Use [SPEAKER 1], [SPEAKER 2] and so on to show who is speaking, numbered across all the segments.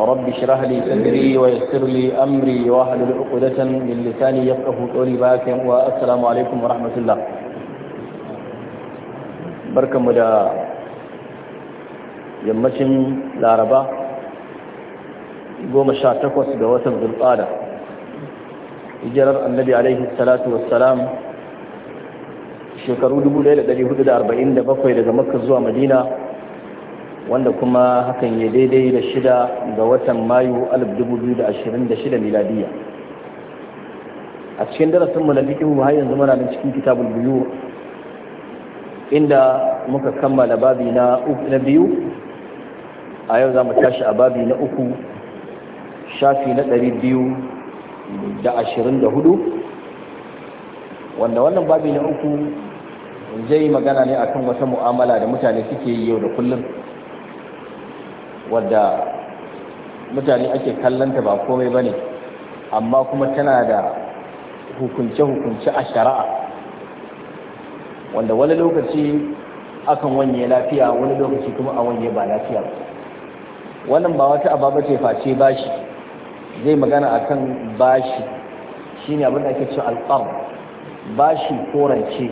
[SPEAKER 1] ورب اشرح لي صدري a لي امري واحلل عقدة من لساني يفقه قولي باكم والسلام عليكم ورحمة الله barkan mu da yammacin laraba 18 ga watan zulfada hijirar annabi alaihi salatu wassalam shekaru 1447 daga makka zuwa madina wanda kuma hakan ya daidai da shida ga watan mayu 2026 miladiya a cikin darasin mu na fiqhu har yanzu muna nan cikin kitabul biyu. inda muka kammala babi na uku na biyu a yau za mu tashi a babi na uku shafi na ɗari biyu da ashirin da hudu wanda wannan babi na uku zai magana ne akan wata mu'amala da mutane suke yi yau da kullum wadda mutane ake kallanta ba komai ba ne amma kuma tana da hukunce-hukunce a shari'a wanda wani lokaci akan wanye lafiya wani lokaci kuma a wanye ba lafiya wannan ba wata ababa ce face bashi zai magana akan bashi shine abin da ake cewa alqar bashi ko rance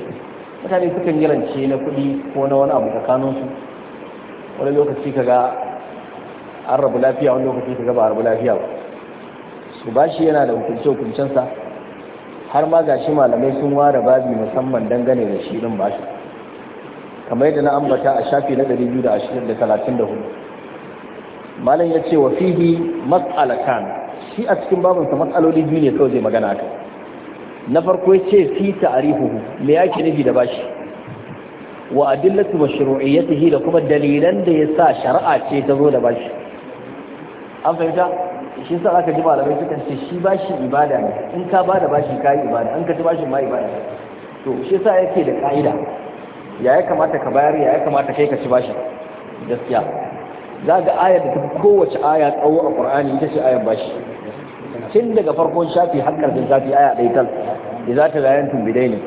[SPEAKER 1] mutane sukan yi rance na kuɗi ko na wani abu tsakaninsu wani lokaci kaga an rabu lafiya wani lokaci ka gaba rabu lafiya ba su bashi yana da hukunce hukuncensa har ma gashi malamai sun ware babi musamman dangane da shi din bashi kamar yadda na ambata a shafi na 234 malam ya ce wa fihi mas'alatan shi a cikin babinsa matsaloli biyu ne kawai zai magana aka. na farko ya ce fi ta'arifuhu me yake nufi da bashi wa adillatu mashru'iyyatihi da kuma dalilan da yasa shari'a ce ta zo da bashi an fahimta shi sa aka ji malamai suka ce shi bashi ibada ne in ka ba da bashi ka ibada an ka ci bashin ma ibada ne, to shi sa yake da ka'ida ya ya kamata ka bayar ya ya kamata kai ka ci bashi gaskiya za ga ayar da tafi kowace aya tsawo a qur'ani ita ce ayar bashi tun daga farkon shafi har da zafi aya ɗaya tal da za ta zayen tumbidai ne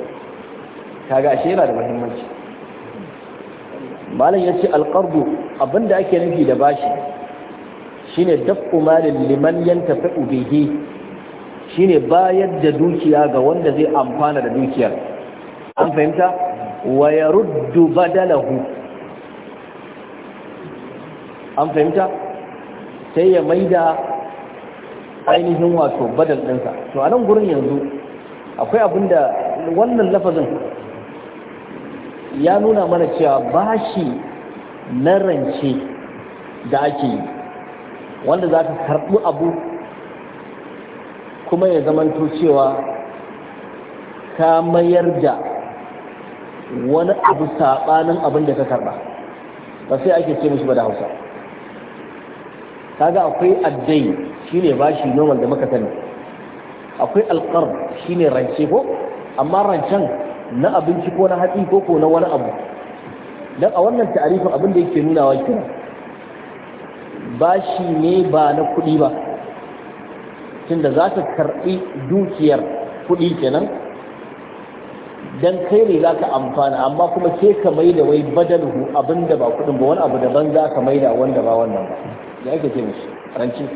[SPEAKER 1] kaga ashe yana da muhimmanci malam ya ce alƙardu abinda ake nufi da bashi shine dafu malin liman yantafi shi shine bayar da dukiya ga wanda zai amfana da dukiyar an fahimta wa yaruddu badalahu an fahimta sai ya maida ainihin wato badal ɗinsa to a nan gurin yanzu akwai abinda wannan lafazin ya nuna mana cewa bashi na rance da ake yi wanda za ka karɓi abu kuma ya zamanto cewa ka mayar da wani abu saɓanin abin da ka karɓa ba sai ake ce mishi ba da hausa kaga akwai addai shine bashi normal da muka sani akwai alƙar shine rance ko amma rancen na abinci ko na hatsi ko ko na wani abu don a wannan ta'arifin abin da yake nunawa kenan bashi ne ba na kuɗi ba tunda za ta karɓi dukiyar kuɗi kenan dan kai ne za ka amfana amma kuma ke ka mai da wai badalhu abinda ba kuɗin ba wani abu daban za ka mai da wanda ba wannan ba ya ake ce mishi ranci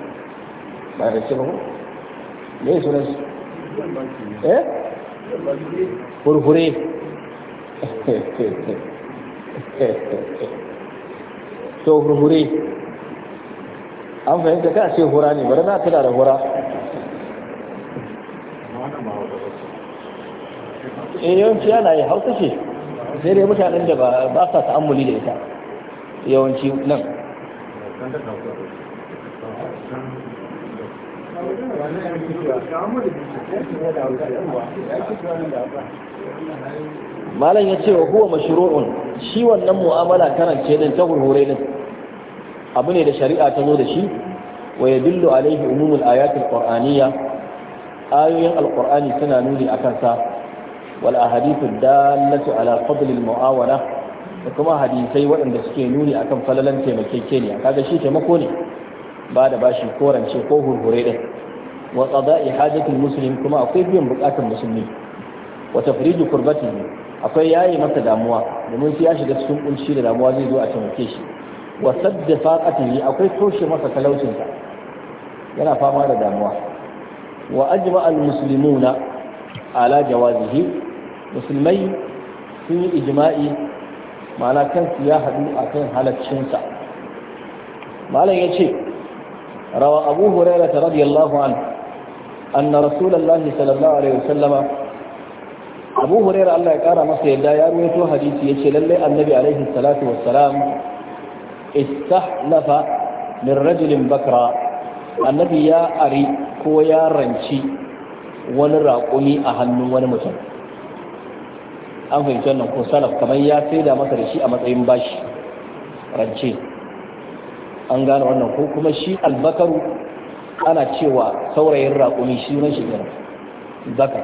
[SPEAKER 1] ba ce ba ko me sunan su? eh hurhure to hurhure an fahimta ka ce hura ne bari na tuna da hura eh yawanci yana yi hausa ce sai dai mutanen da ba sa ta'ammuli da ita yawanci nan malam ya ce wa kuwa mashuru'un shi wannan mu'amala karance din ta hurhure din abu ne da shari'a ta zo da shi wa yadullu alaihi umumul ayatul qur'aniyya ayoyin alqur'ani suna nuni akan sa wal ahadithu dallatu ala fadlil muawana da kuma hadisai waɗanda suke nuni akan falalan taimakekeniya kaga shi taimako ne ba da bashi ko rance ko hurhure din wa qada'i hajatul muslim kuma akwai biyan bukatun musulmi wa tafriju kurbatihi akwai yayi masa damuwa domin sai ya shiga cikin kunci da damuwa zai zo a taimake shi wa sadda faqatihi akwai toshe masa talaucinsa yana fama da damuwa wa ajma al muslimuna ala jawazihi musulmai sun yi ijma'i ma'ana kansu ya haɗu a kan halaccinsa malam ya ce rawa abu hurairah radiyallahu anhu أن رسول الله صلى الله عليه وسلم أبو هريرة الله يقارى مصر يدى يرويته حديثي يشي للي Annabi عليه Salatu والسلام istahlafa min rajulin bakra annabi ya ari ko ya ranci wani raƙumi a hannun wani mutum an fahimci wannan ko salaf kamar ya saida masa da shi a matsayin bashi rance an gane wannan ko kuma shi albakaru ana cewa saurayin raƙumi shi ne shi ne zaka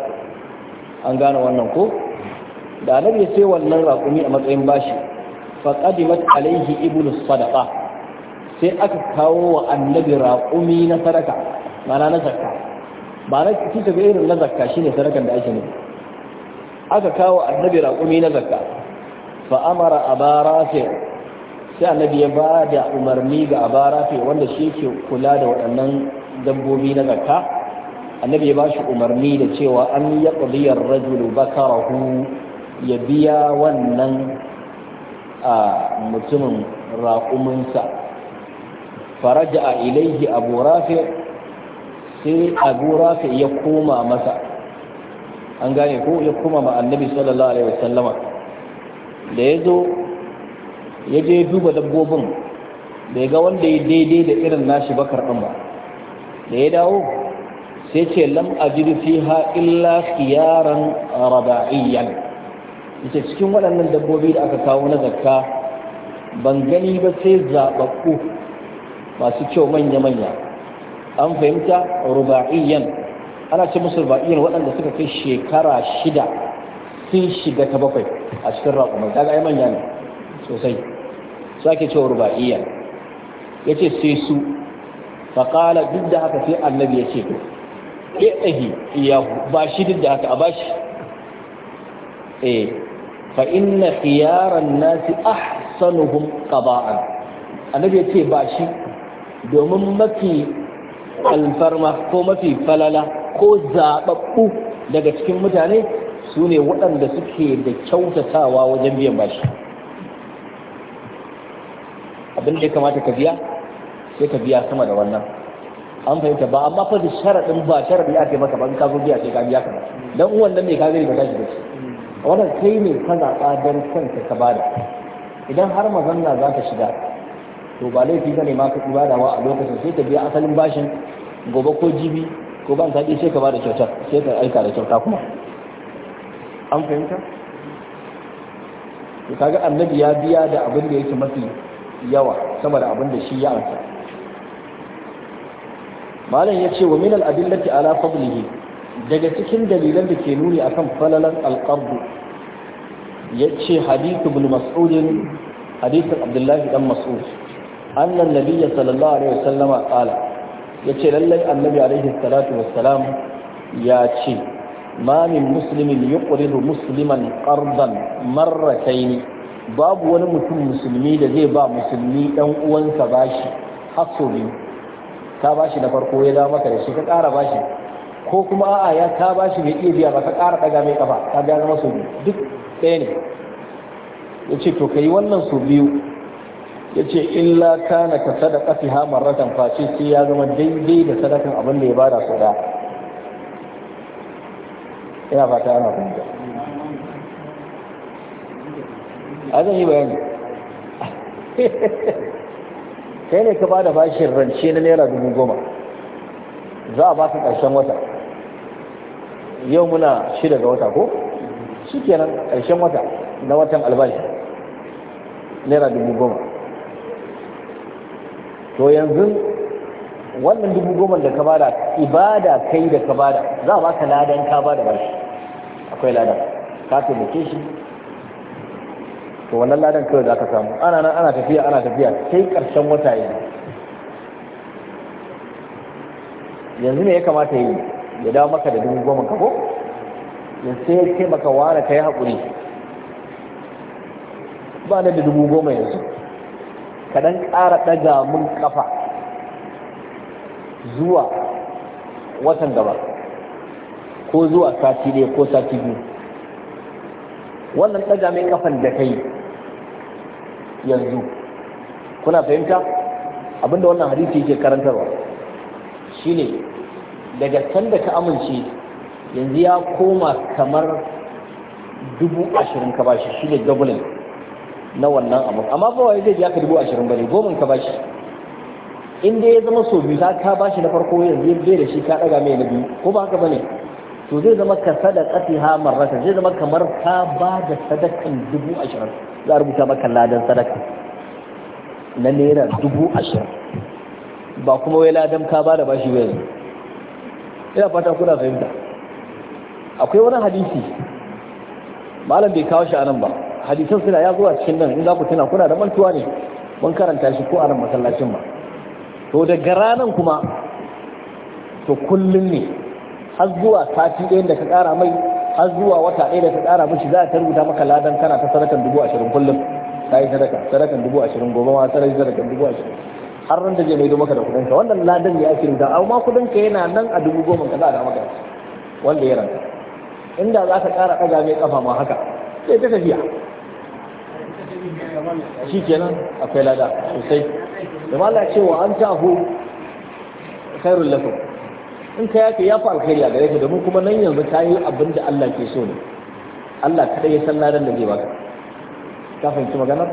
[SPEAKER 1] an gane wannan ko da annabi sai wannan raƙumi a matsayin bashi faƙadimat alaihi ibnu sadaqa sai aka kawo wa annabi raƙumi na sadaka mana na zakka ba na cikin ga irin na zakka shine sadakan da ake ne aka kawo annabi raƙumi na zakka fa amara abara sai annabi ya ba da umarni ga abara wanda shi ke kula da waɗannan dabbobi na zakka annabi ya ba shi umarni da cewa an yaqdiya ar-rajulu bakarahu ya biya wannan a mutumin raƙuminsa faraja a ilaihi abu rafi sai abu rafi ya koma masa an gane ko ya koma ma annabi sallallahu alaihi wasallama da ya zo ya je duba dabbobin da ya ga wanda ya daidai da irin nashi bakar ɗin ba da ya dawo sai ce lam ajidu fiha illa siyaran raba'iyyan yace cikin waɗannan dabbobi da aka kawo na zakka ban gani ba sai zaɓaɓɓu masu kyau manya-manya an fahimta ruba'iyyan ana ce musu ruba'iyyan waɗanda suka kai shekara shida sun shiga ta bakwai a cikin raƙumai kaga ai manya ne sosai su ake cewa ruba'iyyan ce sai su faƙala duk da haka sai annabi ya ce ɗahi ya ba shi duk da haka a bashi shi eh. fa inna khiyaran nasi ahsanuhum qada'an annabi yace ba shi domin mafi alfarma ko mafi falala ko zaɓaɓɓu daga cikin mutane su ne waɗanda suke da kyautatawa wajen biyan bashi abin da ya kamata ka biya sai ka biya sama da wannan an fahimta ba amma fa da sharaɗin ba sharaɗi ake maka ban ka biya sai ka biya ka dan wannan mai ka gani ba da shi wannan kai ne ka zaɓa don kanka ka bada idan har mazanna za ta shiga to ba laifi ba ne ma ka ibada wa a lokacin sai ta biya asalin bashin gobe ko jibi ko ban saɗi sai ka bada kyautar sai ka aika da kyauta kuma an fahimta to kaga annabi ya biya da abin da yake mafi yawa sama da abin da shi ya amsa malam ya ce wa min al-adillati ala fadlihi daga cikin dalilan da ke nuni akan falalan alqabdu yace hadith ibn mas'ud hadith abdullah dan mas'ud anna an-nabiy sallallahu alaihi wasallam qala yace lallai annabi alaihi salatu wassalam ya ce ma min muslimin yuqridu musliman qardan marratayn babu wani mutum musulmi da zai ba musulmi dan uwansa bashi hasso biyu ka bashi na farko ya dawo maka da shi ka ƙara bashi ko kuma a'a ya ta ba shi mai iya biya ba ta ƙara ɗaga mai ƙafa ta biya zama sau biyu duk ɗaya ne ya ce to ka yi wannan sau biyu ya ce illa na ka sadaka fi ha marratan face sai ya zama daidai da sadakan abin da ya bada su da ina fata ana fahimta
[SPEAKER 2] a zan yi bayani
[SPEAKER 1] kai ne ka bada bashin rance na naira dubu goma za a ba ka ƙarshen wata yau muna shida ga wata ko shi kenan ƙarshen wata na watan albashi naira dubu goma to yanzu wannan dubu goma da ka bada ibada kai da ka bada za a baka ladan ka bada bashi akwai ladan ka taimake shi to wannan ladan kawai za ka samu ana nan ana tafiya ana tafiya sai ƙarshen wata yanzu yanzu me ya kamata yi ya dawo maka da dubu goma kabo ya sai maka ware ka yi haƙuri ba na da dubu goma yanzu ka dan ƙara ɗaga mun ƙafa zuwa watan gaba ko zuwa sati ɗaya ko sati biyu wannan ɗaga mai ƙafan da ka yi yanzu kuna fahimta abinda wannan hadisi yake karantarwa shine daga can da ka amince yanzu ya koma kamar dubu ashirin ka bashi shi ne dublin na wannan abu amma ba wai zai ya ka dubu ashirin ba ne, goma ka bashi in dai ya zama so biyu ka bashi na farko yanzu bai da shi ka daga mai na biyu ko ba haka ba ne? to zai zama ka sadaka ha marratan zai zama kamar ka ba da sadakan dubu ashirin za a rubuta maka ladan sadaka na naira dubu ashirin ba kuma wai ladan ka ba da bashi ba yanzu ina fata kuna fahimta akwai wani hadisi malam bai kawo shi a nan ba hadisan suna ya zuwa cikin nan in za ku tuna kuna da mantuwa ne mun karanta shi ko a nan masallacin ba to daga ranan kuma to kullum ne har zuwa sati ɗaya da ka ƙara mai har zuwa wata ɗaya da ka ƙara mishi za a ta rubuta maka ladan kana ta sarakan dubu ashirin kullum ta yi sarakan dubu ashirin gobe ma sarakan dubu ashirin har ran da zai maido maka da kudinka wannan ladan ya ake da amma kudinka yana nan a dubu goma ka za a da maka wanda ya ranta inda za ka ƙara ɗaga mai ƙafa ma haka sai ta tafiya
[SPEAKER 2] shi kenan akwai lada sosai
[SPEAKER 1] da mala cewa an hu khairul lakum in ka yafe ya fi alkhairi a gare ka domin kuma nan yanzu ka yi abin da Allah ke so ne Allah kaɗai ya san ladan da zai baka ka fahimci maganar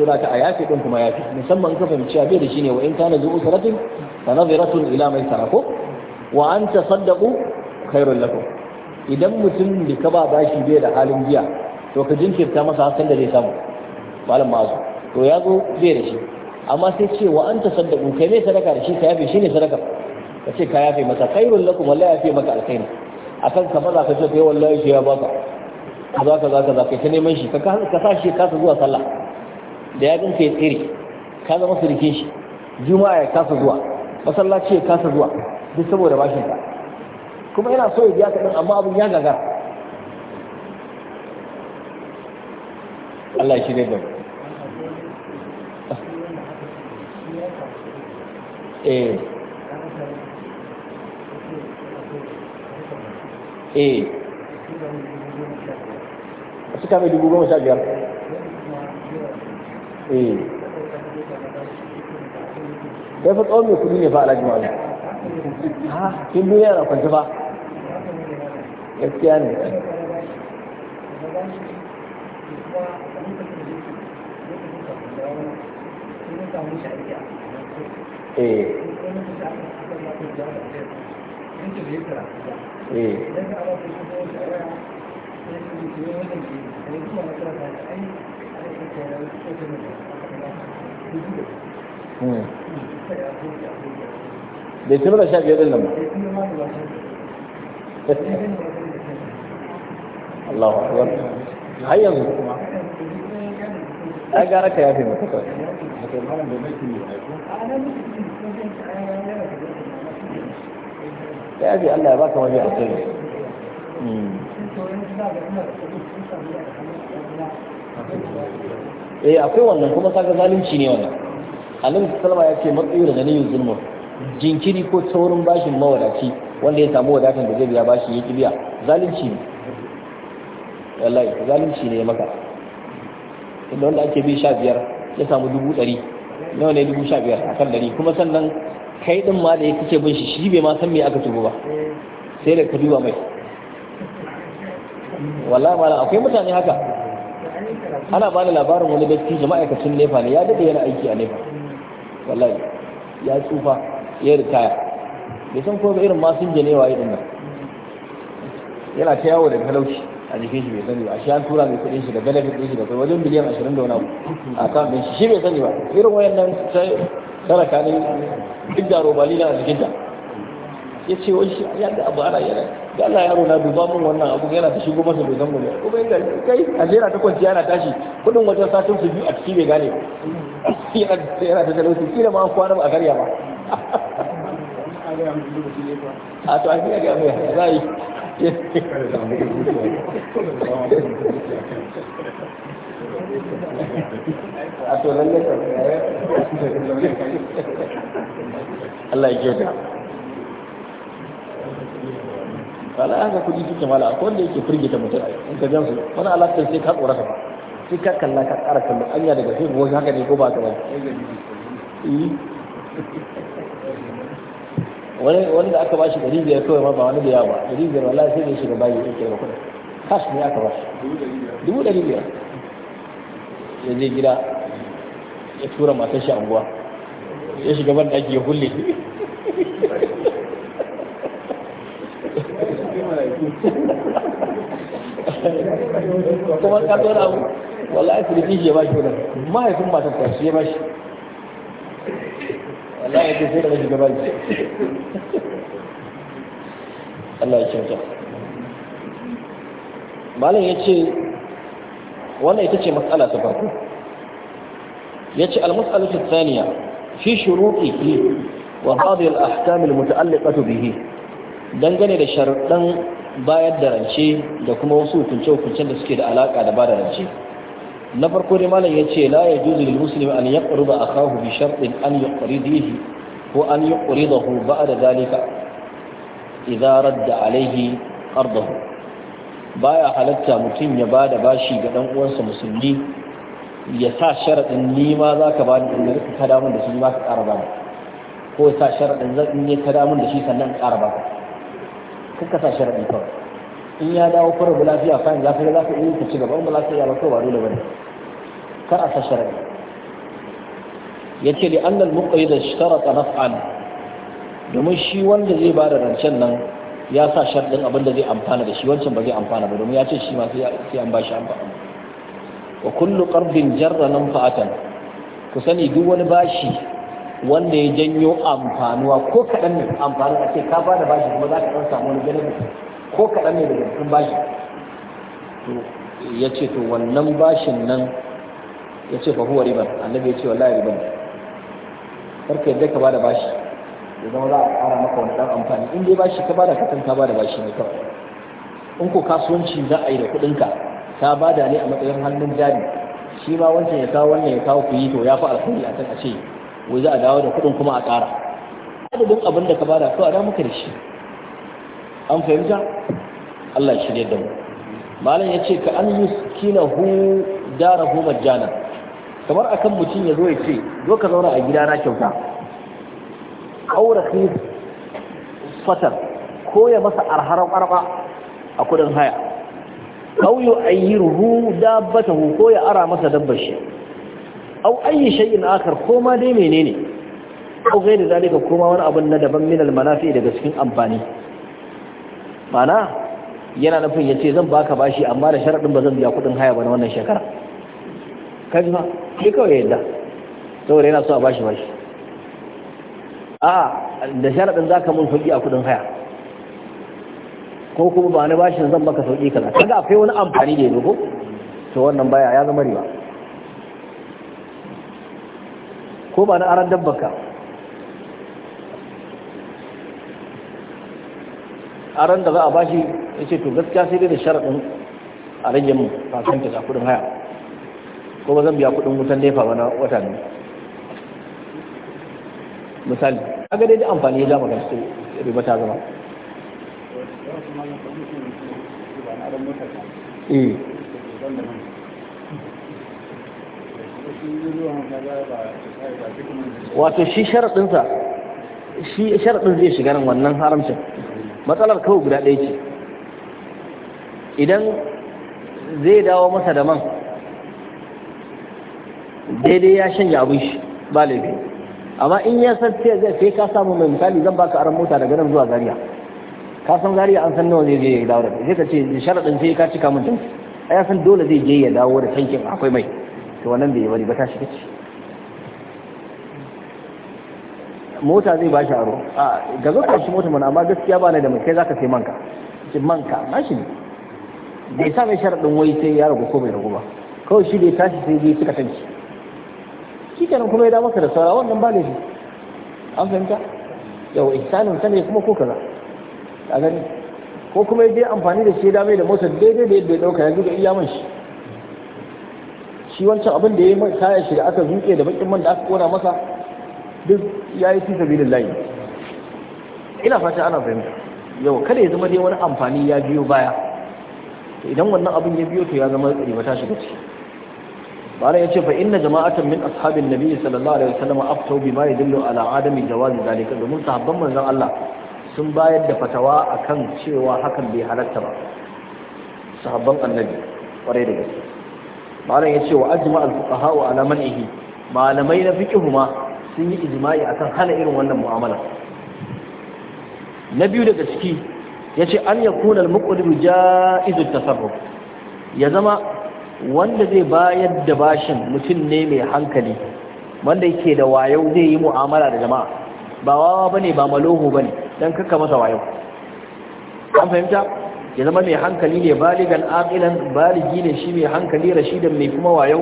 [SPEAKER 1] so ta ka a yafi din kuma yafi musamman ka fahimci bai da shine wa in kana zu usratin fa nadhiratun ila mai tarako wa an tasaddaqu khairul lakum idan mutum da ka ba bashi bai da halin biya to ka jinkirta masa hakan da zai samu malam mazu to ya zo bai da shi amma sai ce wa an tasaddaqu kai mai sadaka da shi ka yafe shine sadaka ka ce ka yafe masa khairul lakum wallahi yafe maka alkhairi akan ka maza ka ce kai wallahi shi ya baka za ka za kai ta neman shi ka sa shi ka zuwa sallah da ya ganka ya tsere ka zama surikin shi juma'a ya kasa zuwa masallaci ya kasa zuwa duk saboda bashin ka kuma yana so ya biya ka din amma abin ya gagar Allah ya shirya da mu eh eh
[SPEAKER 2] suka mai dubu goma sha biyar eh ya fi tsawon mai kudi ne fa alhaji ne. ha kin duniya na kwanci ba gaskiya ne eh eh eh
[SPEAKER 1] bai ci mana sha biyar ɗin nan ba
[SPEAKER 2] Allah akbar har yanzu kuma ai gara ka yafe mata kawai ya yafe Allah ya baka wani a kai
[SPEAKER 1] eh akwai wannan kuma saka zalunci ne wannan alim sallama ya ce matsayi da ganin zulmun jinkiri ko taurin bashin mawadaci wanda ya samu wadatan da zai biya bashi yake biya zalunci ne wallahi zalunci ne maka inda wanda ake bi sha biyar ya samu dubu ɗari nawa ne dubu sha biyar a kan ɗari kuma sannan kai ɗin ma da ya kace bin shi shi bai ma san me aka tubu ba sai da ka duba mai wallahi malam akwai mutane haka ana ba da labarin wani dattijo ma'aikacin nefa ne ya daɗe yana aiki a nefa wallahi ya tsufa ya ritaya bai san kuma irin yin janewa irin nan yana ta yawo da talauci a jikin shi bai sani ba shi an tura mai kuɗin shi da benefit ɗin shi da wajen miliyan ashirin da wani abu a kan ɗin shi shi bai sani ba irin wayan nan sai sarakanin duk da robali na a ta. ya ce wai shi ya da abu ana yana da Allah yaro na duba mun wannan abu yana ta shigo masa bai san mun kuma inda gani kai alhera ta kwanci yana tashi kudin wajen satin su biyu a ciki bai gane yana ta talauci kila ma kwana ba a karya ba
[SPEAKER 2] a to an ga mai za yi a to lalle ka Allah ya kyauta
[SPEAKER 1] kala haka kudi suke mala ko wanda yake firgita mutum in ka jan su wani alaƙar sai ka tsorata ba sai ka kalla ka ƙara An anya daga sai ko haka ne ko ba ka ba
[SPEAKER 2] eh.
[SPEAKER 1] wani wanda aka ba shi ɗari biyar kawai ma ba wani da yawa ba ɗari biyar wala sai da shiga bayi yake da kuɗin kash ne aka ba shi dubu ɗari biyar ya je gida ya tura matar shi anguwa ya shiga ban ɗaki ya kulle kuma ka zo na wallahi ya bashi wannan mahaifin shi ya bashi wallahi ce sai da gaba shi Allah ya kyauta malam wannan ita ce matsala ta farko ya ce almas'alatu thaniya fi shuruɗihi wa hadhihi al-ahkam al-muta'alliqatu bihi dangane da sharuɗan bayar da rance da kuma wasu hukunce-hukuncen da suke da alaƙa da bada rance na farko dai malam ya ce la ya juzu lil muslimi an yaqruba akahu bi shartin an yuqridihi ko an yuqridahu ba'da zalika idza radda alayhi ardahu baya halatta mutum ya bada bashi ga dan uwansa musulmi ya sa sharadin ni ma za ka ba ni in ka da mun da shi ma ka ƙara bani ko ya sa sharadin zan in ka da mun da shi sannan ƙara baka kuka sa sharaɗi kawai in ya dawo ko rabu lafiya fine za ka ga za ka iya ka ci gaba in ba za ka iya ba kawai ba dole kar a sa sharaɗi yace li anna da muqayyid ishtarata naf'an domin shi wanda zai ba da rancen nan ya sa sharɗin abin da zai amfana da shi wancan ba zai amfana ba domin ya ce shi ma sai an bashi amfana wa kullu ƙarfin jarra nan fa'atan ku sani duk wani bashi wanda ya janyo amfanuwa ko kaɗan ne amfani a ce ka ba da bashi kuma za ka ɗan samu wani ganin ko kaɗan ne daga cikin bashi to ya ce to wannan bashin nan ya ce fa huwa riban annabi ya ce wallahi riban karka yadda ka ba da bashi ya zama za a ƙara maka wani ɗan amfani in dai bashi ka ba da katon ka ba da bashi ne kawai in ko kasuwanci za a yi da kuɗinka ka ba da ne a matsayin hannun jari shi ma wancan ya kawo wannan ya kawo ku yi to ya fi alfahari a can a ce wai za a dawo da kuɗin kuma a tsara adadin abin da ka bada to a da maka da shi an fahimta Allah shi ne da mu malam ya ce ka an da darahu majjana kamar akan mutum ya zo ya ce zo ka zauna a gida na kyauta Ƙaurafi fatar ko ya masa arharar arba a kuɗin haya aw yu'ayyiruhu dabbatahu ko ya ara masa dabbar shi au ayi شيء akhar ko ma dai menene غير ذلك da وانا ko ma wani المنافع na بسكين min معنى ينا daga cikin amfani باشي yana nufin yace zan baka bashi amma da sharadin ba zan biya kudin haya ba na wannan shekara kaji ma kai kawai yadda saboda yana so a a da ba ne bashin zan baka sauki kaza kaga akwai wani amfani da yanzu ko to wannan baya ya zama riba ko ba na aran dabbanka aran da za a bashi ya ce to gaskiya sai dai da sharaɗin a rage mu kafin ta sa kudin haya ko ba zan biya kudin wutan nefa ba na wata ne misali a dai da amfani ya zama magana ya riba ta zama eh wato shi sharaɗinsa shi sharaɗin zai shiga nan wannan haramcin matsalar kawai guda ɗaya ce idan zai dawo masa da man daidai ya shan abin shi ba laifi amma in ya san sai ka samu mai misali zan baka aron mota daga nan zuwa Zariya. ka san Zariya an san nawa zai je ya dawo da sai ka ce sharaɗin sai ka cika mutum a ya san dole zai je ya dawo da tankin akwai mai to wannan bai bari ba ta shiga ci mota zai bashi aro a ga zo shi mota mana amma gaskiya ba da mai kai zaka sai manka ce manka Mashi ne bai sa mai sharadin wai sai ya ragu ko bai ragu ba kawai shi bai tashi sai dai suka tanci shi kenan kuma ya da maka da saura wannan ba shi an fahimta yau ihsanin ne kuma ko kaza a gani ko kuma ya je amfani da shi ya dame da motar daidai da yadda ya dauka yanzu ga iya man shi shi wancan abin da ya yi kayan shi da aka zuke da bakin man da aka kona masa duk ya yi fi sabilin layi ina fata ana fahimta yau kada ya zama dai wani amfani ya biyo baya idan wannan abin ya biyo to ya zama riba ta shiga ciki bala ya ce fa inna jama'atan min ashabin nabi sallallahu alaihi wasallam aftau bima yadullu ala adami jawazi zalika domin sahabban manzon Allah sun bayar da fatawa akan cewa hakan bai halatta ba sahabban annabi kwarai da gaske malam yace wa ajma al fuqaha wa ala man'ihi malamai na fiqh ma sun yi ijma'i akan hana irin wannan mu'amala na biyu daga ciki yace an yakuna al muqrib ja'izu tasarruf ya zama wanda zai bayar da bashin mutum ne mai hankali wanda yake da wayo zai yi mu'amala da jama'a ba wawa bane ba maloho bane dan kaka masa wayo an fahimta ya zama mai hankali ne baligan aqilan baligi ne shi mai hankali rashidan mai kuma wayo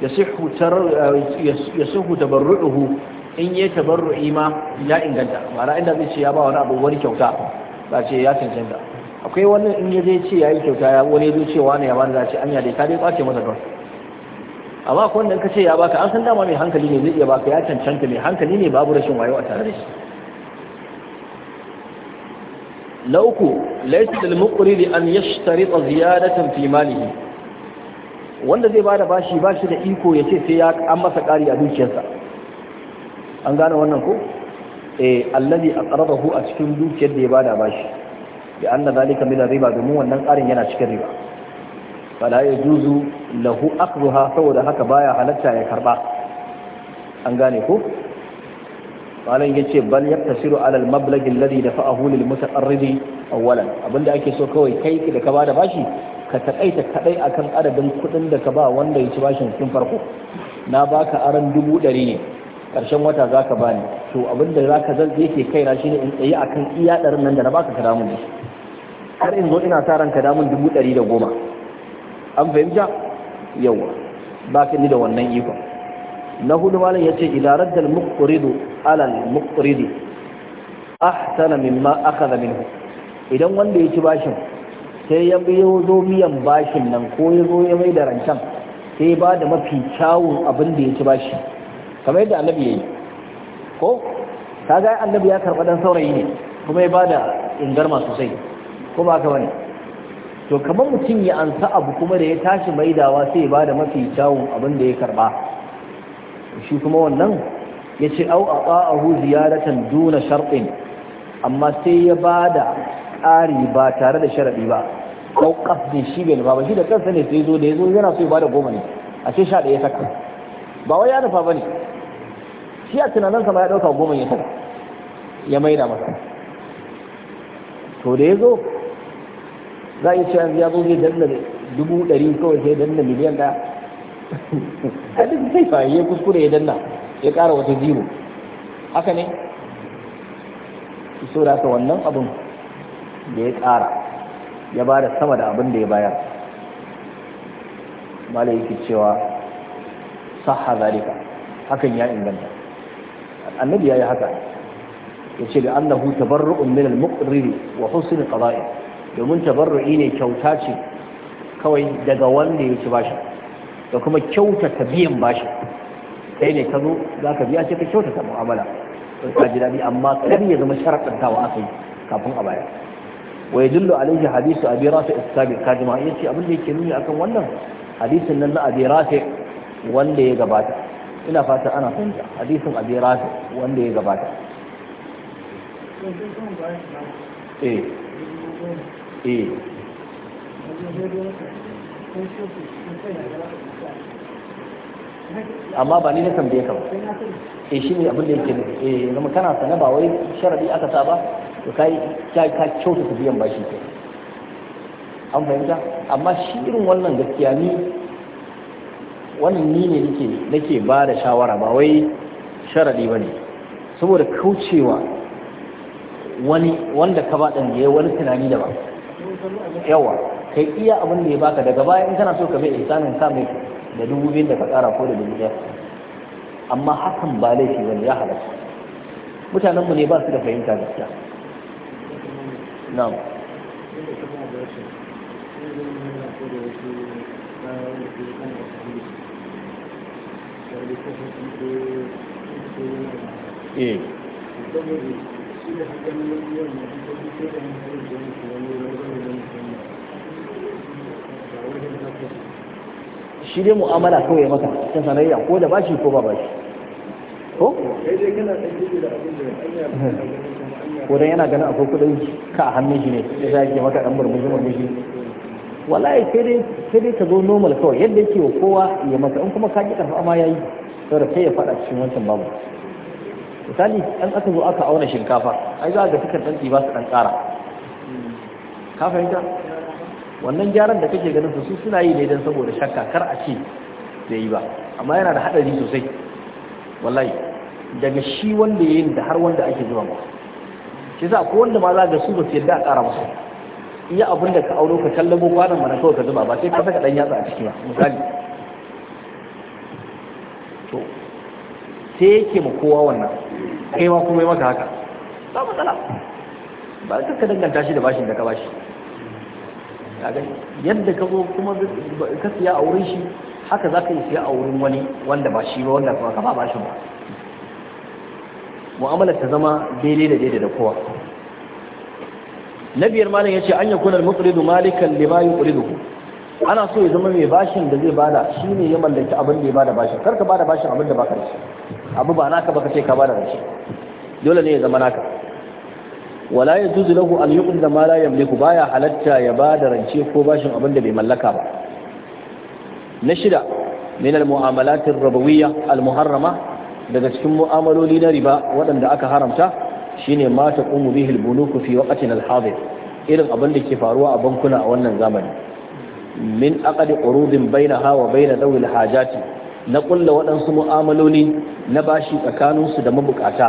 [SPEAKER 1] ya sihu tar eh, ya sihu tabarruhu in ya tabarru'i ma ya inganta ma'ana inda zai ce ya ba wani abu wani kyauta ba ce ya cancanta akwai wani in ya zai ce ya yi kyauta ya wani zai ce wani ya bani za ce an dai ka dai kwace masa don amma akwai wanda in ka ce ya baka an san dama mai hankali ne zai iya baka ya cancanta mai hankali ne babu rashin wayo a tare da shi na uku laisa lil da an yashtarita ziyadatan fi malihi wanda zai bada bashi bashi da iko ya ce sai ya an masa ƙari a dukiyarsa an gane wannan ko eh allazi aqradahu a cikin dukiyar da ya bada bashi bi anna zalika min riba domin wannan karin yana cikin riba fala juzu lahu akruha saboda haka baya halatta ya karba an gane ko malam ya ce bal tasiru alal mablagin da dafa'ahu lil mutaqarridi awwalan abinda ake so kawai kai da ka bada bashi ka takaita kadai akan adadin kuɗin da ka ba wanda ya ci bashin tun farko na baka aran dubu ɗari ne Karshen wata za ka bani to abinda za ka zan yake kaina shine in tsaye akan iya ɗarin nan da na baka ka damun da har in zo ina sa ranka damun dubu ɗari da goma an fahimta yawa ba ka ni da wannan ikon na hudu malam ya ce idarar da muqridu alal muqridi ahsana mimma akhadha minhu idan wanda ya ci bashin sai ya biyo zo miyan bashin nan ko ya zo ya mai da rancen sai ba da mafi kyawun abin da ya ci bashi kamar yadda annabi ya ko ta ga annabi ya karɓa ɗan saurayi ne kuma ya ba da ingarma sosai ko ba haka bane to kamar mutum ya ansa abu kuma da ya tashi maidawa sai ya ba mafi kyawun abin da ya karɓa shi kuma wannan ya ce au a ƙa'ahu ziyaratan duna sharɗin amma sai ya ba da ƙari ba tare da sharaɗi ba au ne shi bai ba shi da kansa ne sai zo da ya zo yana so ya ba da goma ne a ce sha ɗaya saka ba wai ya nufa ba ne shi a tunanin sama ya ɗauka goma ya saka ya maida masa to da ya zo za a yi cewa ya zo zai danna dubu ɗari kawai sai danna miliyan ɗaya a duk sai fa ya kuskure ya danna ya ƙara wata zero haka ne so da haka wannan abin da ya ƙara ya ba da sama da abin da ya bayar mala yake cewa saha zalika hakan ya inganta annabi ya yi haka ya ce da annahu tabarru'un minal al-muqriri wa husn qada'i domin tabarru'i ne kyauta ce kawai daga wanda ya ci bashi da kuma kyautata biyan bashi kai ne ka zo za ka biya ce ka kyautata mu'amala in ka ji daɗi amma kar ya zama sharaɗantawa aka yi kafin a baya wa yadullu alaihi hadisu abi rafi as-sabi kaji ma yace abin da yake nuni akan wannan hadisin nan na abi rafi wanda ya gabata ina fata ana fahimta hadisin abi rafi wanda ya gabata eh eh
[SPEAKER 2] amma ba ni na tambaye ka ba
[SPEAKER 1] E eh, shi ne abin da yake E eh, zama kana sana ba wai sharadi aka sa ba to kai ka ka kyauta su biyan bashi ke an fahimta amma shi irin wannan gaskiya ni wannan ni ne nake nake ba da shawara ba wai sharadi ba ne saboda kaucewa wani wanda ka ba ɗan ya wani tunani da ba yawa kai iya abin da ya baka daga baya in kana so ka mai ihsanin ka mai da dubu biyu da ka tsara ko da dubu ɗaya amma hakan ba laifi bane ya halatta mutanen mu ne ba su da fahimta gaskiya na'am eh shi dai mu'amala kawai ya maka ta sanayya ko da bashi ko ba bashi
[SPEAKER 2] ko ko dan yana ganin
[SPEAKER 1] akwai kudin ka a hannun shi ne ya sa yake maka dan murmushi murmushi wallahi sai dai sai dai ka zo normal kawai yadda yake wa kowa ya maka in kuma ka ji karfa ma yayi da kai ya fada cikin wancan babu misali an aka zo aka auna shinkafa ai za ga fitar dan ba su dan kara ka fahimta wannan gyaran da kake ganin su suna yi ne don saboda shakka kar a ce da yi ba amma yana da haɗari sosai wallahi daga shi wanda ya yi da har wanda ake zuwa ba shi sa ko wanda ma za ga su ba su yadda a ƙara musu iya abin da ka auro ka tallabo kwanan mana kawai ka zuba ba sai ka saka ɗan yatsa a ciki ba misali to sai yake ma kowa wannan kai ma kuma yi maka haka ba matsala ba ka danganta shi da bashin da ka bashi yadda ka zo kuma ka siya a wurin shi haka za ka yi siya a wurin wani wanda ba shi ba wanda kuma ka ba ba shi ba mu'amala ta zama daidai da daidai da kowa Nabiyar malam ya ce an yakuna al-muqridu malikan lima yuqriduhu ana so ya zama mai bashin da zai bada shi ne ya mallaki abin da ya bada bashin karka bada bashin abin da baka da shi abu ba naka ka ce ka bada da shi dole ne ya zama naka wala ya juzu lahu an da ma la yamliku baya halatta ya ba da rance ko bashin abin da bai mallaka ba na shida min al mu'amalat ar rabawiyya al muharrama daga cikin mu'amaloli na riba waɗanda aka haramta shine ma taqumu bihi al bunuku fi waqtin al hadir irin abin da ke faruwa a bankuna a wannan zamani min aqdi urudin bainaha wa baina dawil hajati na kulla waɗansu mu'amaloli na bashi tsakaninsu da mabukata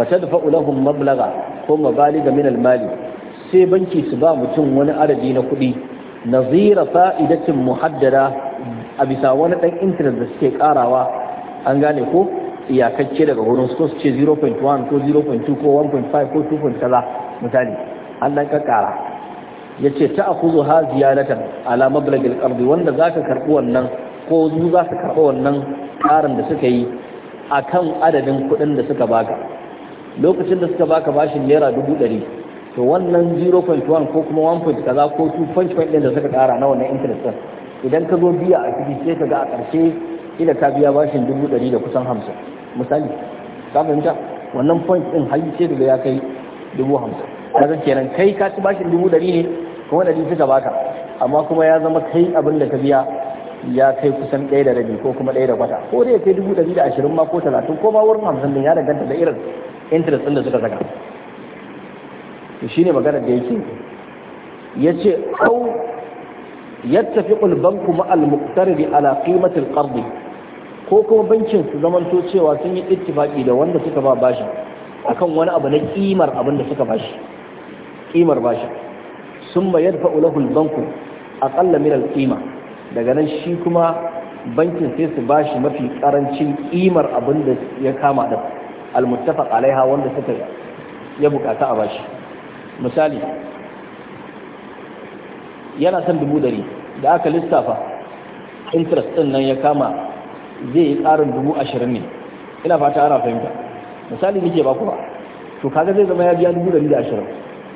[SPEAKER 1] fatadfa'u lahum mablaga ko mabaliga min almali sai banki su ba mutum wani adadi na kuɗi nazira fa'idatin muhaddada a bisa wani ɗan intanet da suke ƙarawa an gane ko iyakacce daga wurin su ce 0.1 ko 0.2 ko 1.5 ko 2.3 misali an nan ka ƙara ya ce ta akuzu ha ziyaratan ala mablagil ƙarfi wanda za ka karɓi wannan ko zu za ka karɓi wannan ƙarin da suka yi a kan adadin kuɗin da suka baka lokacin da suka baka bashin naira dubu ɗari to wannan 0.1 ko kuma 1. kaza ko 2.5 ɗin da suka ƙara na wannan interest ɗin idan ka zo biya a cikin sai ka ga a ƙarshe ila ka biya bashin dubu ɗari da kusan hamsin misali ka fahimta wannan point ɗin har sai ka ga ya kai dubu hamsin kaga kenan kai ka ci bashin dubu ɗari ne kuma ɗari suka baka amma kuma ya zama kai abin da ka biya ya kai kusan ɗaya da rabi ko kuma ɗaya da kwata ko dai kai dubu ɗari da ashirin ma ko talatin ko ma wurin hamsin ɗin ya danganta da irin interest ɗin da suka saka shi ne magana da yake ya ce au yattafiqu al-banku ma'al muqtaridi ala qimati qardi ko kuma bankin su zamanto cewa sun yi ittifaki da wanda suka ba bashi akan wani abu na kimar abin da suka bashi kimar bashi summa yadfa'u lahu al-banku aqalla min al daga nan shi kuma bankin sai su bashi mafi ƙarancin kimar abin da ya kama da almuttafaq alaiha wanda suka ya bukata a bashi misali yana son dubu dari da aka lissafa interest din nan ya kama zai yi tsarin dubu ashirin ne ina fata ana fahimta misali nake ba kuma to kaga zai zama ya biya dubu dari da ashirin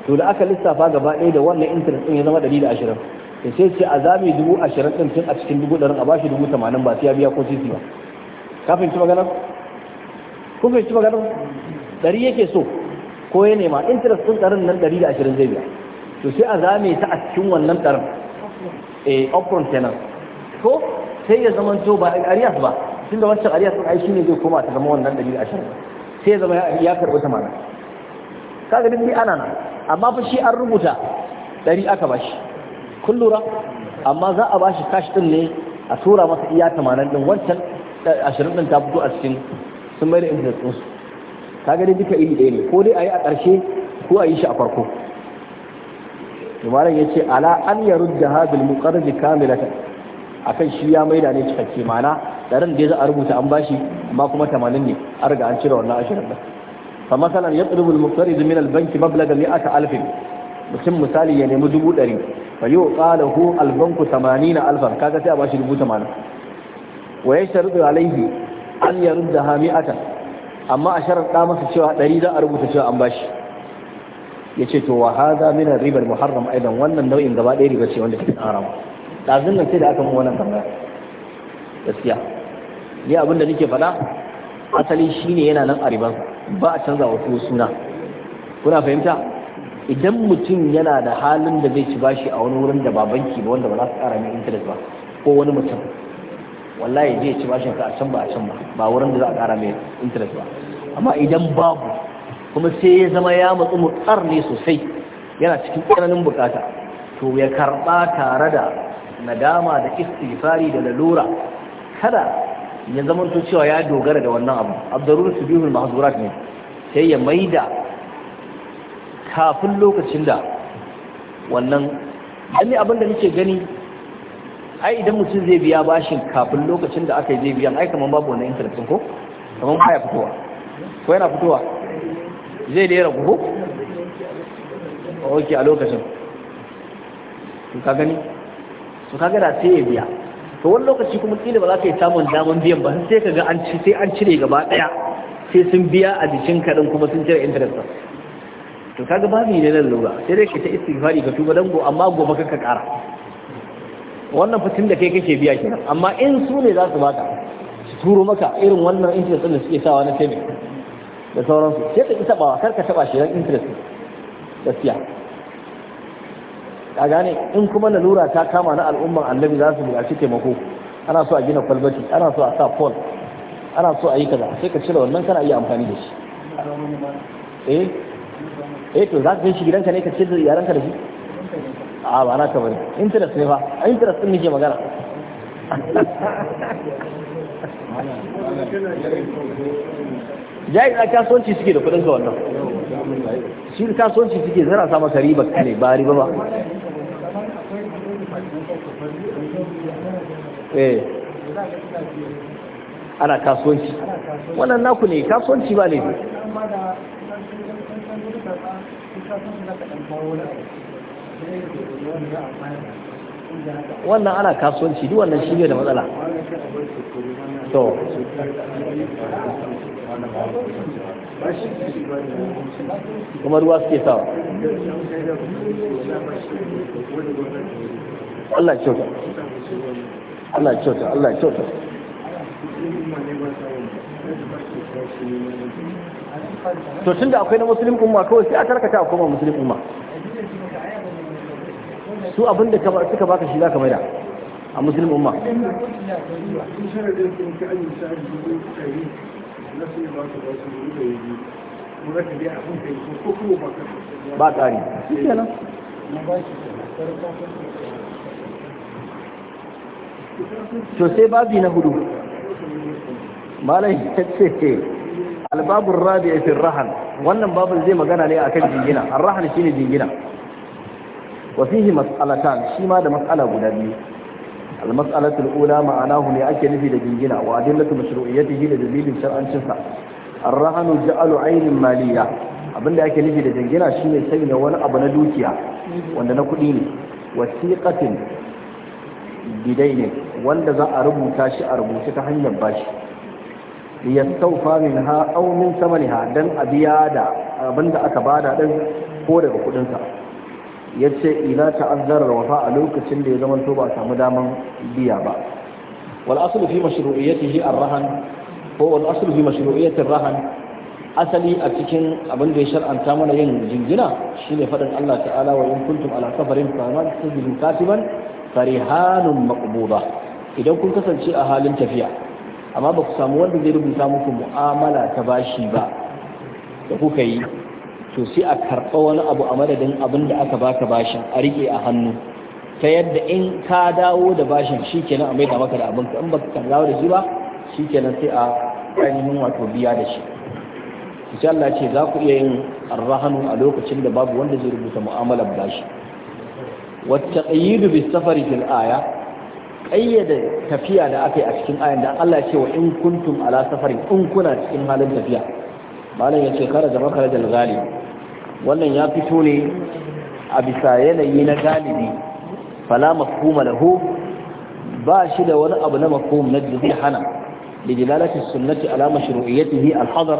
[SPEAKER 1] to da aka lissafa gaba ɗaya da wannan interest din ya zama dari da ashirin da sai ce a zami dubu ashirin ɗin tun a cikin dubu ɗarin a bashi dubu tamanin ba sai ya biya ko sisi ba kafin ci magana kun fahimci maganar ɗari yake so ko ya nema interest ɗin ɗarin nan ɗari da ashirin zai biya to sai a zame ta a cikin wannan ɗarin a eh, upfront kenan ko sai ya zama to ba a arias ba tunda wancan arias ɗin ai ne zai koma ta zama wannan ɗari da ashirin sai ya zama ya karɓi ta mana kaga duk ana nan amma fa shi an rubuta ɗari aka bashi kun lura amma za a ba shi kashi ɗin ne a tura masa iya tamanin ɗin wancan eh, ashirin ɗin ta fito a cikin sun bai da interest ɗinsu ka gani duka iri ɗaya ne ko dai a yi a ƙarshe ko a yi shi a farko malam ya ce ala an ya rudda habil ta. kamilata akan shi ya maida ne cikakke mana da ran da za a rubuta an bashi amma kuma 80 ne a riga an cire wannan ashirin da fa masalan yatlubu al-muqtarrid min al-bank mablaga mi'ata alf mutum misali ya nemi dubu ɗari fa yau qalahu al-banku 80 alfan kaga sai a bashi dubu 80 wa yashtaru alayhi an yarud da ata. amma a sharaɗa masa cewa ɗari za a rubuta cewa an bashi ya ce to wa haza min ribar muharram aidan wannan nau'in gaba ɗaya riba ce wanda ke haram ɗazun nan sai da aka mun wannan tambaya gaskiya ni abin da nake faɗa asali shine yana nan a riban ba a canza wasu suna kuna fahimta idan mutum yana da halin da zai ci bashi a wani wurin da ba banki ba wanda ba za su ƙara mai intanet ba ko wani mutum wallahi zai ci bashin ka a can ba a can ba ba wurin da za a kara mai interest ba amma idan babu kuma sai ya zama ya matsu mutsar ne sosai yana cikin tsananin bukata to ya karɓa tare da nadama da istighfari da lalura kada ya zamanto cewa ya dogara da wannan abu abdarur subihul mahzurat ne sai ya maida kafin lokacin da wannan dan abin da nake gani ai idan mutum zai biya bashin kafin lokacin da aka yi zai biyan aika man babu wani intanet ko kamar ba ya fitowa ko yana fitowa zai da yara ko? ok a lokacin su ka gani su ka gada sai ya biya to wani lokaci kuma kila ba za ka yi samun daman biyan ba sai ka ga an ci sai an cire gaba daya sai sun biya a jikin kaɗan kuma sun cire ba, to kaga babu ne na lura sai dai ka ta istighfari ka tuba dango amma gobe kanka ka ƙara wannan fitin da kai kake biya kenan amma in su ne za su baka su turo maka irin wannan interest din da suke sawa na payment da sauransu sai ka ki ba kar ka taba shi ran interest gaskiya ka gane in kuma lalura ta kama na al'umman annabi za su buƙaci taimako ana so a gina kwalbati ana so a sa phone ana so a yi kaza sai ka cire wannan kana iya amfani da
[SPEAKER 2] shi
[SPEAKER 1] eh eh to za ka kai shi gidanka ne ka ce da yaranka da shi a ba naka bane interest ne ba interest din nake magana jayi na kasuwanci suke da kudin ka wannan shi kasuwanci suke zara sa maka riba ne ba riba ba eh ana kasuwanci wannan naku ne kasuwanci ba ne
[SPEAKER 2] wannan ana kasuwanci duk wannan shi ne da matsala to kuma ruwa suke sawa Allah kyauta
[SPEAKER 1] Allah kyauta Allah kyauta to tunda akwai na musulmin umma kawai sai a karkata a koma musulmin umma su abin da suka baka shi za ka maida a musulun umma
[SPEAKER 2] ba tsari. shi kenan to sai babi na hudu
[SPEAKER 1] malai ya ce albabun rabi fi rahan wannan babin zai magana ne akan jingina shi shine jingina Wasihi fihi mas'alatan shi ma da mas'ala guda biyu al-mas'alatu al ma'anahu ne ake nufi da jingina wa adillatu mashru'iyyatihi da dalilin shar'ancin sa ar-rahanu ja'alu 'aynin maliya abinda ake nufi da jingina shine sanya wani abu na dukiya wanda na kuɗi ne wasiqatin bidaini wanda za a rubuta shi a rubuce ta hanyar bashi liyastawfa minha aw min thamaniha dan abiya da abinda aka bada din ko daga kuɗinsa. ya ce ina ta'azzarar wafa a lokacin da ya zama to ba a samu daman biya ba wal aslu fi mashru'iyyatihi ar-rahan ko wal aslu fi mashru'iyyati ar asali a cikin abin da ya shar'anta mana yin jingina shine fadin Allah ta'ala wa in kuntum ala safarin faman tajidu katiban farihanun maqbuda idan kun kasance a halin tafiya amma ba ku samu wanda zai rubuta muku mu'amala ta bashi ba da kuka yi to sai a karɓa wani abu a madadin abin da aka baka bashin a riƙe a hannu ta yadda in ka dawo da bashin shi kenan a maida maka da abin ka in baka kan dawo da shi ba shi kenan sai a ainihin wato biya da shi insha Allah ce za ku iya yin arrahanu a lokacin da babu wanda zai rubuta mu'amalar bashi wata qayyidu bis safari fil aya qayyada tafiya da akai a cikin ayan da Allah ya ce wa in kuntum ala safarin in kuna cikin halin tafiya malam yace kharaja makharajal ghalib wannan ya fito ne a bisa yanayi na galibi fala mafhuma lahu ba shi da wani abu na mafhum na da hana da dilalatin sunnati ala mashru'iyyatihi al-hadar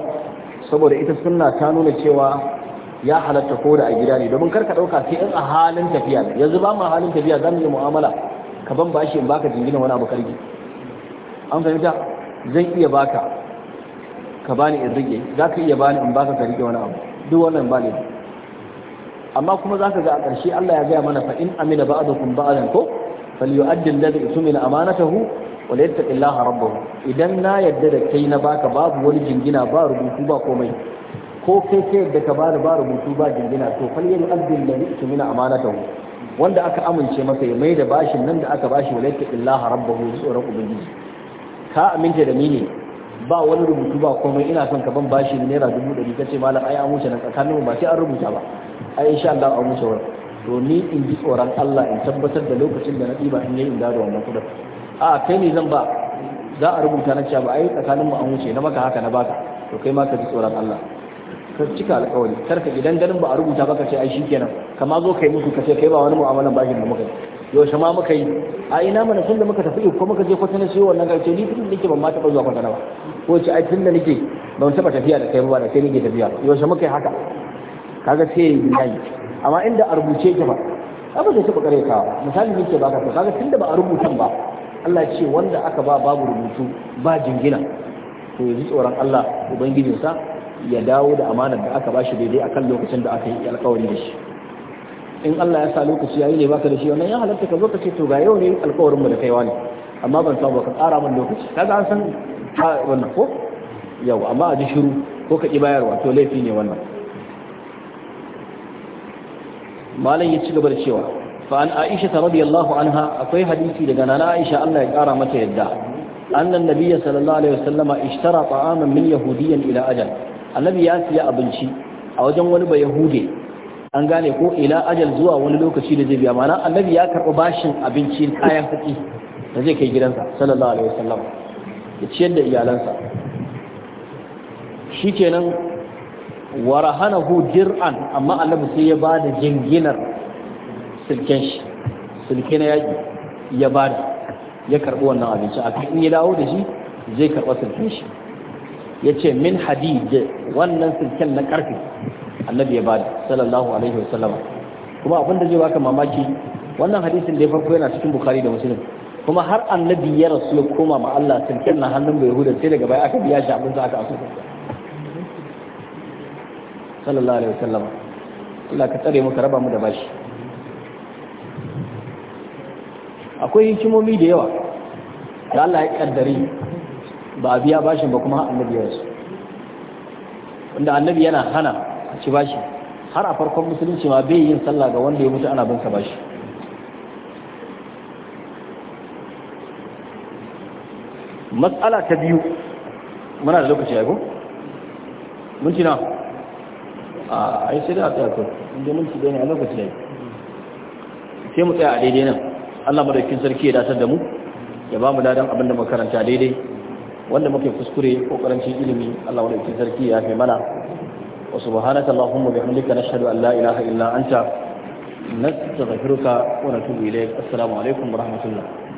[SPEAKER 1] saboda ita sunna ta nuna cewa ya halatta ko da a gida ne domin karka dauka sai in a halin tafiya yanzu ba mu halin tafiya za mu yi mu'amala ka ban bashi in baka jingina wani abu karki an fahimta zan iya baka ka bani in rike za ka iya bani in baka ka rike wani abu duk wannan ba ne amma kuma za ka ga a ƙarshe Allah ya gaya mana fa in amina ba'dakum ba'dan ko da zai falyu'addi alladhi utumila amanatahu wa liyattaqillaha rabbahu idan na yadda da kai na baka babu wani jingina ba rubutu ba komai ko kai kai yadda ka bani ba rubutu ba jingina to da zai falyu'addi alladhi utumila hu? wanda aka amince masa ya mai da bashin nan da aka bashi wa liyattaqillaha rabbahu tsoron ubangiji ka aminta da ni ne ba wani rubutu ba komai ina son ka ban bashi naira dubu ɗari kace malam ai an wuce na tsakaninmu ba sai an rubuta ba ai sha Allah a musu wani to ni in ji tsoron Allah in tabbatar da lokacin da na ɗiba in yi in gado wannan kudin a kai ne zan ba za a rubuta na cewa ai tsakanin mu an wuce na maka haka na baka to kai ma ka ji tsoron Allah ka cika alƙawari kar ka idan ganin ba a rubuta ba ka ce ai shikenan kama zo kai muku ka ce kai ba wani mu'amalan bashin da muka yi yaushe ma muka yi a ina mana tun da muka tafi ko muka je kwatana sai wannan ga ce ni tun da nake ban ma taɓa zuwa kwatana ba ko ce ai tun da nake ban taɓa tafiya da kai ba da kai nake tafiya yaushe muka yi haka kaga sai ya yi yayi amma inda a rubuce ki ba abu da taɓa karyatawa misali ne ke ba ka kaga tunda ba a rubutan ba Allah ce wanda aka ba babu rubutu ba jingina to ya ji tsoron Allah ubangijinsa ya dawo da amanar da aka bashi daidai akan lokacin da aka yi alkawari da shi in Allah ya sa lokaci yayi ne baka da shi wannan ya halatta ka zo ka ce to ga yau ne alkawarin mu da kaiwa wani. amma ban samu ka tsara min lokaci kaga an san wannan ko yau amma a ji shiru ko ka ki bayarwa to laifi ne wannan malam ya ci gaba da cewa fa an aisha radiyallahu anha akwai hadisi daga nana aisha Allah ya kara mata yadda annan nabiyyi sallallahu alaihi wasallama ishtara ta'aman min yahudiyyan ila ajal annabi ya siya abinci a wajen wani ba yahude an gane ko ila ajal zuwa wani lokaci da zai biya mana annabi ya karɓi bashin abinci kayan hatsi da zai kai gidansa sallallahu alaihi wasallam ya ciyar da iyalansa shikenan wa rahanahu dir'an amma allah sai ya bada jinginar silken shi silke na yaki ya bada ya karbi wannan abinci a in ya dawo da shi zai karba silken shi ya ce min hadid wannan silken na karfe annabi ya bada sallallahu alaihi wasallama kuma abin da zai baka mamaki wannan hadisin da ya farko yana cikin bukhari da muslim kuma har annabi ya rasu ya koma ma Allah silken na hannun bai huda sai daga baya aka biya shi abin da aka asusa sallallahu alaihi wasallam Allah ka tsare muka raba mu da bashi akwai hikimomi da yawa da Allah ya kaddare ba a biya bashin ba kuma annabi ya su wanda annabi yana hana a ci bashi har a farkon musulunci ma bai yin sallah ga wanda ya mutu ana bin sa bashi matsala ta biyu muna da lokaci ya go? ci na a ai sai da a tsaya inda mulki da ne a lokaci da sai mu tsaya a daidai nan Allah madaukakin sarki ya datar da mu ya ba mu ladan abin da makaranta daidai wanda muke kuskure ko karancin ilimi Allah madaukakin sarki ya fi mana wa subhanaka allahumma bihamdika nashhadu an la ilaha illa anta nastaghfiruka wa natubu ilayk assalamu alaikum wa rahmatullah